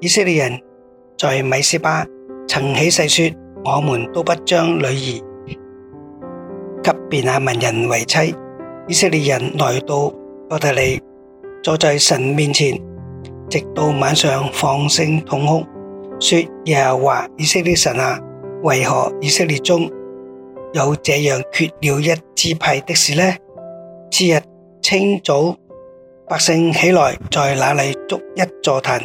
以色列人在米斯巴曾起誓說：我們都不將女兒給便雅憫人為妻。以色列人來到伯特利，坐在神面前，直到晚上放聲痛哭，說：耶和華以色列神啊，為何以色列中有這樣缺了一支派的事呢？次日清早，百姓起來，在那裏築一座壇。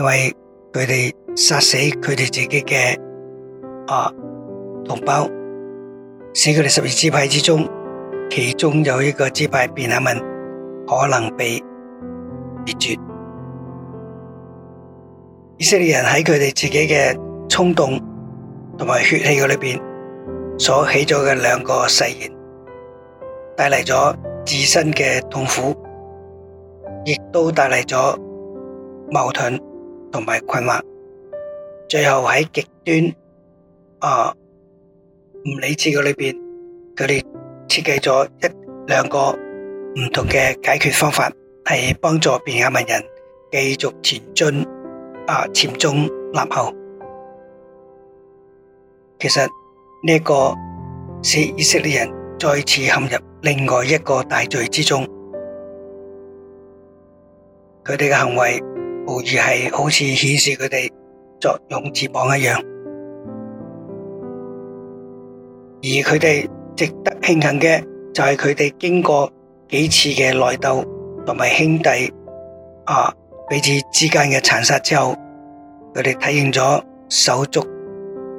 因為佢哋殺死佢哋自己嘅啊同胞，使佢哋十二支派之中，其中有一個支派便雅憫可能被滅絕。以色列人喺佢哋自己嘅衝動同埋血氣裏面所起咗嘅兩個誓言，帶嚟咗自身嘅痛苦，亦都帶嚟咗矛盾。同埋困惑，最後喺極端啊唔理智嘅裏邊，佢哋設計咗一兩個唔同嘅解決方法，係幫助便雅憫人繼續前進啊，傳宗立後。其實呢一個是以色列人再次陷入另外一個大罪之中，佢哋嘅行為。而係好似顯示佢哋作用翅膀一樣，而佢哋值得慶幸嘅就係佢哋經過幾次嘅內鬥同埋兄弟啊彼此之間嘅殘殺之後，佢哋體現咗手足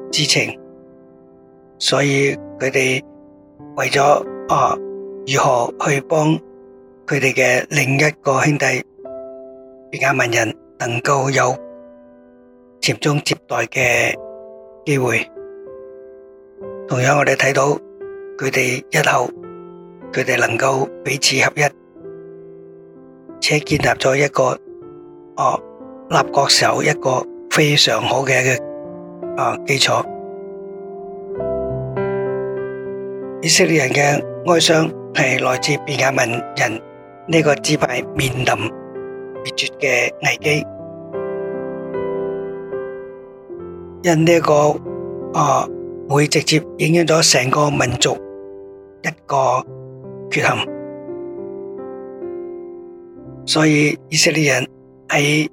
之情，所以佢哋為咗啊如何去幫佢哋嘅另一個兄弟別雅文人，能夠有傳宗接代嘅機會，同樣我哋睇到佢哋日後，佢哋能夠彼此合一，且建立咗一個哦立國時候一個非常好嘅嘅啊基礎。以色列人嘅哀傷係來自便雅憫人呢個支派面臨。滅絕嘅危機，因呢一個啊會直接影響咗成個民族一個缺陷，所以以色列人喺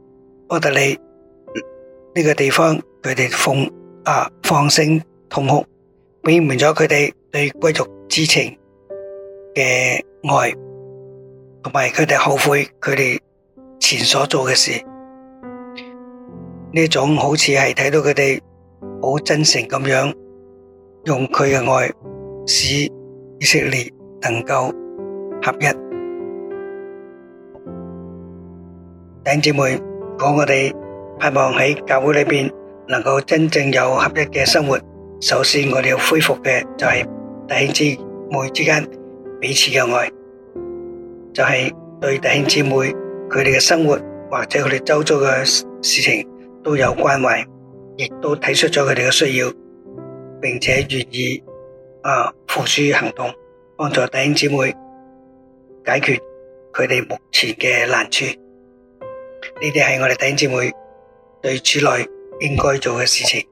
伯特利呢個地方，佢哋放啊放聲痛哭，表現咗佢哋對貴族之情嘅愛，同埋佢哋後悔佢哋。前所做嘅事，呢種好似係睇到佢哋好真誠咁樣，用佢嘅愛使以色列能夠合一。弟兄姊妹，我我哋盼望喺教會裏面能夠真正有合一嘅生活。首先，我哋要恢復嘅就係弟兄姊妹之間彼此嘅愛，就係對弟兄姊妹佢哋嘅生活或者佢哋周遭嘅事情都有關懷，亦都睇出咗佢哋嘅需要，並且願意啊付諸行動幫助弟兄姊妹解決佢哋目前嘅難處。呢啲係我哋弟兄姊妹對主內應該做嘅事情。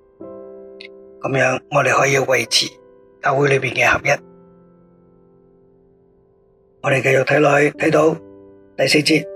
咁樣我哋可以維持教會裏邊嘅合一。我哋繼續睇落去，睇到第四節。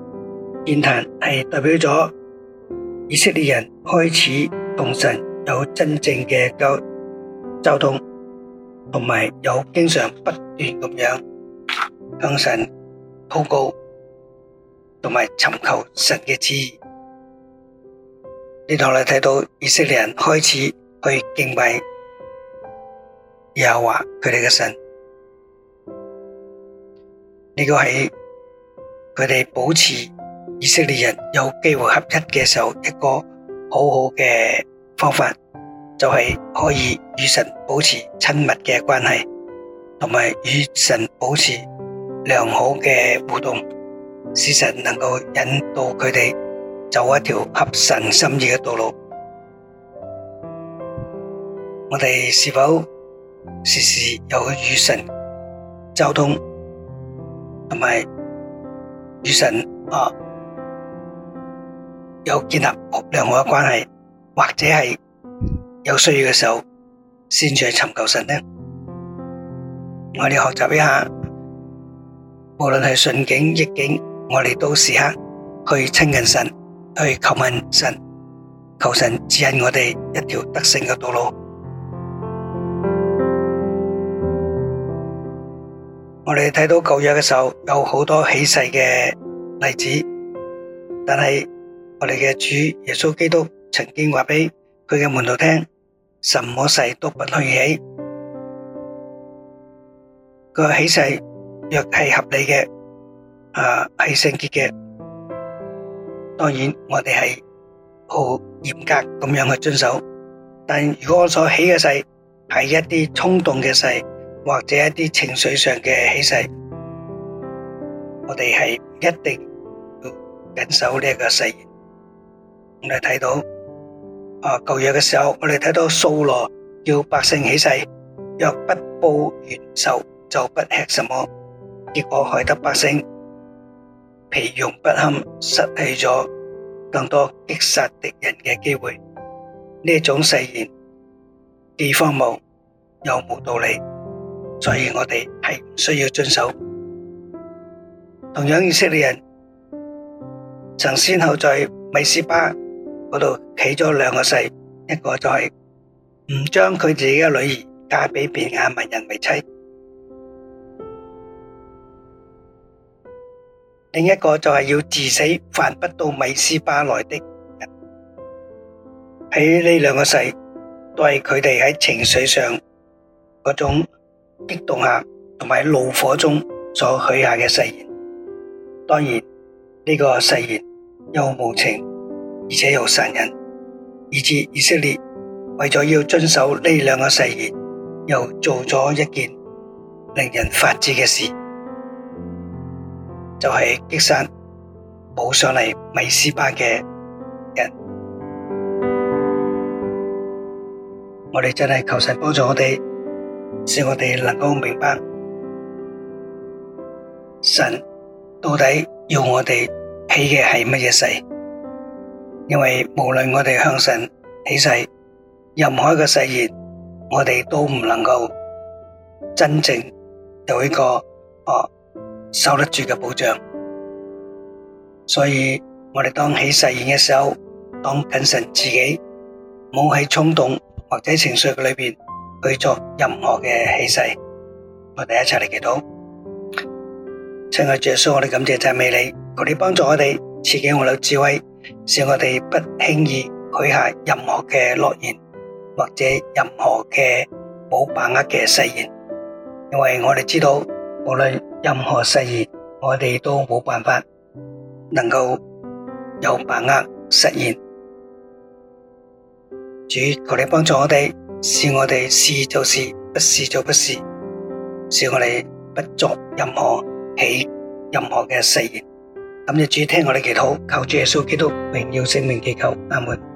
言談係代表咗以色列人開始同神有真正嘅交通，同埋有經常不斷咁樣向神禱告，同埋尋求神嘅旨意。呢度，我哋睇到以色列人開始去敬拜，耶和華佢哋嘅神，呢個係佢哋保持。以色列人有機會合一嘅時候，一個好好嘅方法就係可以與神保持親密嘅關係，同埋與神保持良好嘅互動，使神能夠引導佢哋走一條合神心意嘅道路。我哋是否時時有去與神交通，同埋與神啊？有建立良好嘅關係，或者係，有需要嘅時候，先去尋求神呢？我哋學習一下，無論係順境逆境，我哋都時刻去親近神，去求問神。求神指引我哋一條得勝嘅道路。我哋睇到舊約嘅時候，有好多啟示嘅例子，但係我哋嘅主耶穌基督曾經話俾佢嘅門徒聽，什麼誓都不能亂起，個起誓若係合理嘅，啊係聖潔嘅，當然我哋係好嚴格咁樣去遵守。但如果我所起嘅誓係一啲衝動嘅誓，或者一啲情緒上嘅起誓，我哋係一定要謹守呢一個誓言。我哋睇到，啊舊約嘅時候，我哋睇到掃羅叫百姓起誓，若不報怨仇，就不吃什麼，結果害得百姓疲弱不堪，失去咗更多擊殺敵人嘅機會。呢種誓言既荒謬又冇道理，所以我哋係唔需要遵守。同樣，以色列人曾先後在米斯巴，嗰度企咗兩個誓，一個就係唔將佢自己嘅女兒嫁俾便雅憫人為妻，另一個就係要治死，凡不到米斯巴來的人。喺呢兩個誓都係佢哋喺情緒上嗰種激動下，同埋怒火中所許下嘅誓言。當然，呢個誓言又無情。而且有神人，以致以色列為咗要遵守呢兩個誓言，又做咗一件令人髮指嘅事，就係擊殺冇上嚟米斯巴嘅人。我哋真係求神幫助我哋，使我哋能夠明白神到底要我哋起嘅係乜嘢誓。因為無論我哋向神起誓，任何一個誓言，我哋都唔能夠真正有一個哦受得住嘅保障。所以我哋當起誓言嘅時候，當謹慎自己，唔好喺衝動或者情緒嘅裏面去做任何嘅起誓。我哋一齊嚟祈禱，請我主耶穌，我哋感謝讚美你，佢哋幫助我哋賜給我哋智慧。使我哋不輕易許下任何嘅諾言，或者任何嘅冇把握嘅誓言，因為我哋知道無論任何誓言，我哋都冇辦法能夠有把握實現。主求你幫助我哋，使我哋是就是，不是不是就不是，使我哋不作任何起任何嘅誓言。今日主聽我哋祈禱，求主耶穌基督榮耀聖名祈求，阿門。